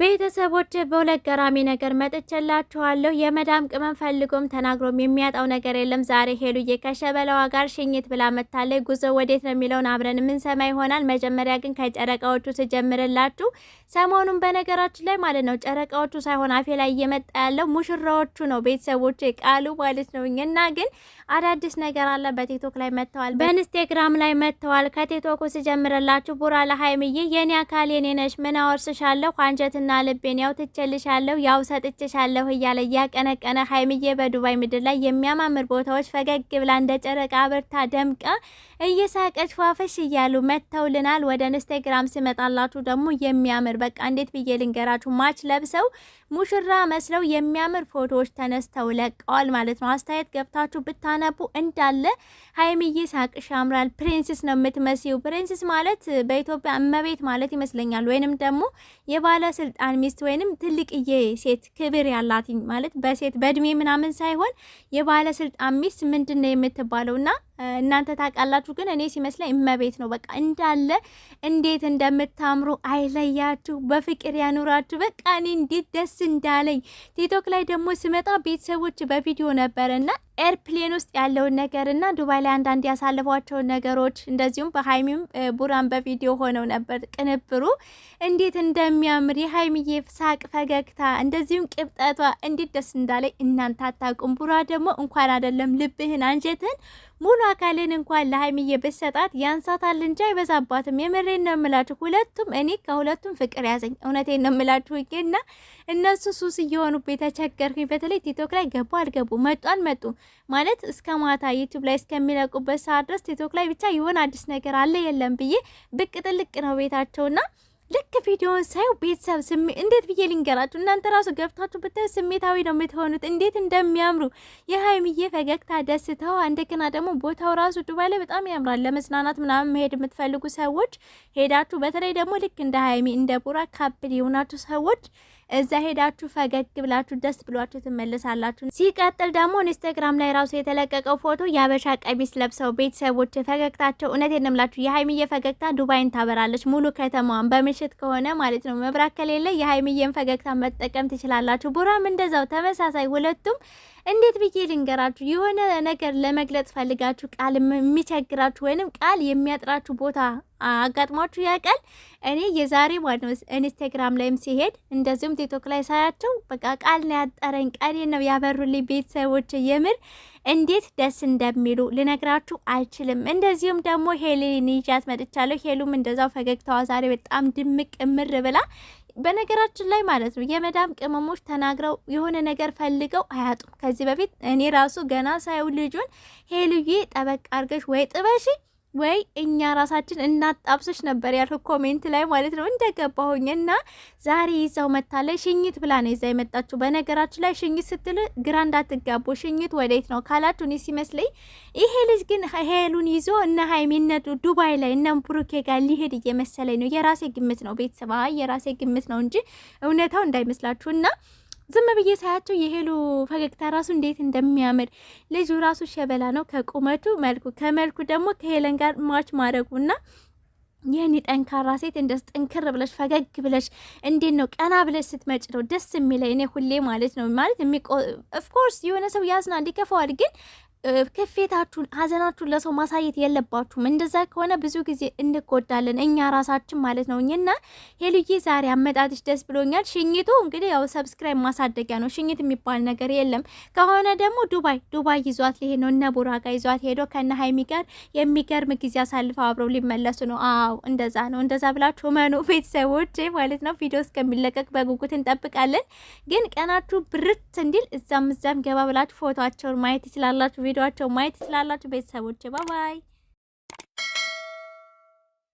ቤተሰቦች በሁለት ገራሚ ነገር መጥቼላችኋለሁ። የመዳም ቅመም ፈልጎም ተናግሮም የሚያጣው ነገር የለም። ዛሬ ሄሉዬ ከሸበላዋ ጋር ሽኝት ብላ መታለች። ጉዞ ወዴት ነው የሚለውን አብረን የምንሰማ ይሆናል። መጀመሪያ ግን ከጨረቃዎቹ ስጀምርላችሁ ሰሞኑን በነገራችን ላይ ማለት ነው ጨረቃዎቹ ሳይሆን አፌ ላይ እየመጣ ያለው ሙሽራዎቹ ነው ቤተሰቦች ቃሉ ማለት ነው። እና ግን አዳዲስ ነገር አለ። በቲክቶክ ላይ መጥተዋል፣ በኢንስቴግራም ላይ መጥተዋል። ከቲክቶኩ ስጀምርላችሁ ቡራ ለሀይምዬ የኔ አካል የኔ ነሽ ምን አወርስሻለሁ አንጀት ትናንትና ልቤን ያው ትቼልሻለሁ ያው ሰጥቼሻለሁ እያለ እያቀነቀነ ሀይምዬ በዱባይ ምድር ላይ የሚያማምር ቦታዎች ፈገግ ብላ እንደ ጨረቃ አብርታ ደምቃ እየሳቀች ፏፈሽ እያሉ መጥተውልናል። ወደ ኢንስታግራም ሲመጣላችሁ ደግሞ የሚያምር በቃ እንዴት ብዬ ልንገራችሁ፣ ማች ለብሰው ሙሽራ መስለው የሚያምር ፎቶዎች ተነስተው ለቀዋል ማለት ነው። አስተያየት ገብታችሁ ብታነቡ እንዳለ ሀይሚዬ ሳቅሽ ያምራል፣ ፕሪንስስ ነው የምትመስዩ። ፕሪንስስ ማለት በኢትዮጵያ እመቤት ማለት ይመስለኛል፣ ወይንም ደግሞ የባለስልጣን ሚስት ወይንም ትልቅዬ ሴት ክብር ያላት ማለት በሴት በእድሜ ምናምን ሳይሆን የባለስልጣን ሚስት ምንድን ነው የምትባለው እና እናንተ ታውቃላችሁ፣ ግን እኔ ሲመስለኝ እመቤት ነው። በቃ እንዳለ እንዴት እንደምታምሩ አይለያችሁ፣ በፍቅር ያኑራችሁ። በቃ እኔ እንዴት ደስ እንዳለኝ ቲክቶክ ላይ ደግሞ ስመጣ ቤተሰቦች በቪዲዮ ነበረና ኤርፕሌን ውስጥ ያለውን ነገር እና ዱባይ ላይ አንዳንድ ያሳለፏቸውን ነገሮች እንደዚሁም በሀይሚም ቡራን በቪዲዮ ሆነው ነበር። ቅንብሩ እንዴት እንደሚያምር የሀይሚዬ ሳቅ፣ ፈገግታ እንደዚሁም ቅብጠቷ እንዴት ደስ እንዳለኝ እናንተ አታውቁም። ቡራ ደግሞ እንኳን አይደለም ልብህን፣ አንጀትህን፣ ሙሉ አካልን እንኳን ለሀይሚዬ ብሰጣት ያንሳታል እንጂ አይበዛባትም። የምሬን ነው የምላችሁ። ሁለቱም እኔ ከሁለቱም ፍቅር ያዘኝ። እውነቴን ነው የምላችሁ እና እነሱ ሱስ እየሆኑ ተቸገርኩኝ። በተለይ ቲክቶክ ላይ ገቡ አልገቡ መጡ አልመጡ ማለት እስከ ማታ ዩቲዩብ ላይ እስከሚለቁበት ሰዓት ድረስ ቲክቶክ ላይ ብቻ የሆነ አዲስ ነገር አለ የለም ብዬ ብቅ ጥልቅ ነው ቤታቸውና ልክ ቪዲዮን ሳየው ቤተሰብ እንዴት ብዬ ልንገራችሁ? እናንተ ራሱ ገብታችሁ ብታዩ ስሜታዊ ነው የምትሆኑት። እንዴት እንደሚያምሩ የሀይሚዬ ፈገግታ፣ ደስታዋ፣ እንደገና ደግሞ ቦታው ራሱ ዱባይ ላይ በጣም ያምራል። ለመዝናናት ምናምን መሄድ የምትፈልጉ ሰዎች ሄዳችሁ፣ በተለይ ደግሞ ልክ እንደ ሀይሚ እንደ ቡራ ካብል የሆናችሁ ሰዎች እዛ ሄዳችሁ ፈገግ ብላችሁ ደስ ብሏችሁ ትመለሳላችሁ። ሲቀጥል ደግሞ ኢንስታግራም ላይ ራሱ የተለቀቀው ፎቶ የአበሻ ቀሚስ ለብሰው ቤተሰቦች ፈገግታቸው እውነት ነው የሀይሚዬ ፈገግታ ዱባይን ታበራለች ሙሉ ከተማዋን በምሽት ከሆነ ማለት ነው። መብራት ከሌለ የሀይሚዬን ፈገግታ መጠቀም ትችላላችሁ። ቡራም እንደዛው ተመሳሳይ ሁለቱም እንዴት ብዬ ልንገራችሁ? የሆነ ነገር ለመግለጽ ፈልጋችሁ ቃል የሚቸግራችሁ ወይንም ቃል የሚያጥራችሁ ቦታ አጋጥሟችሁ ያውቃል? እኔ የዛሬ ማለት ኢንስታግራም ላይም ሲሄድ እንደዚሁም ቲክቶክ ላይ ሳያቸው በቃ ቃል ነው ያጠረኝ፣ ቃሌ ነው ያበሩልኝ ቤተሰቦች። የምር እንዴት ደስ እንደሚሉ ልነግራችሁ አልችልም። እንደዚሁም ደግሞ ሄሌን ይዣት መጥቻለሁ። ሄሉም እንደዛው ፈገግታዋ ዛሬ በጣም ድምቅ እምር ብላ በነገራችን ላይ ማለት ነው የመዳም ቅመሞች ተናግረው የሆነ ነገር ፈልገው አያጡም። ከዚህ በፊት እኔ ራሱ ገና ሳየው ልጁን ሄልዬ ጠበቅ አርገሽ ወይ ጥበሽ ወይ እኛ ራሳችን እናጣብሶች ነበር ያልኩ ኮሜንት ላይ ማለት ነው እንደገባሁኝ። እና ዛሬ ይዛው መታለች ሽኝት ብላ ነው ይዛ የመጣችሁ። በነገራችን ላይ ሽኝት ስትል ግራ እንዳትጋቡ፣ ሽኝት ወዴት ነው ካላችሁ እኔ ሲመስለኝ ይሄ ልጅ ግን ሄሉን ይዞ እነ ሀይሚ ዱባይ ላይ እነ ብሩኬ ጋር ሊሄድ እየመሰለኝ ነው። የራሴ ግምት ነው ቤተሰብ፣ የራሴ ግምት ነው እንጂ እውነታው እንዳይመስላችሁ እና ዝም ብዬ ሳያቸው የሄሉ ፈገግታ ራሱ እንዴት እንደሚያምር ልጁ ራሱ ሸበላ ነው ከቁመቱ መልኩ ከመልኩ ደግሞ ከሄለን ጋር ማች ማድረጉ ና ይህን ጠንካራ ሴት እንደስ ጥንክር ብለሽ ፈገግ ብለሽ እንዴት ነው ቀና ብለሽ ስትመጭ ነው ደስ የሚለኝ። እኔ ሁሌ ማለት ነው ማለት ኦፍኮርስ የሆነ ሰው ያዝና እንዲከፈዋል ግን ክፌታችሁን፣ ሀዘናችሁን ለሰው ማሳየት የለባችሁም። እንደዛ ከሆነ ብዙ ጊዜ እንጎዳለን እኛ ራሳችን ማለት ነው። እና ሄሉዬ ዛሬ አመጣጥሽ ደስ ብሎኛል። ሽኝቱ እንግዲህ ያው ሰብስክራይብ ማሳደጊያ ነው። ሽኝት የሚባል ነገር የለም። ከሆነ ደግሞ ዱባይ ዱባይ ይዟት ሊሄድ ነው። እነ ቡራ ይዟት ሄዶ ከነ ሀይሚ ጋር የሚገርም ጊዜ አሳልፈው አብረው ሊመለሱ ነው። አዎ እንደዛ ነው። እንደዛ ብላችሁ መኑ ቤተሰቦች ማለት ነው። ቪዲዮ እስከሚለቀቅ በጉጉት እንጠብቃለን። ግን ቀናችሁ ብርት እንዲል እዛም እዛም ገባ ብላችሁ ፎቶቸውን ማየት ትችላላችሁ። ቪዲዮቸው ማየት ትችላላችሁ። ቤተሰቦች ባባይ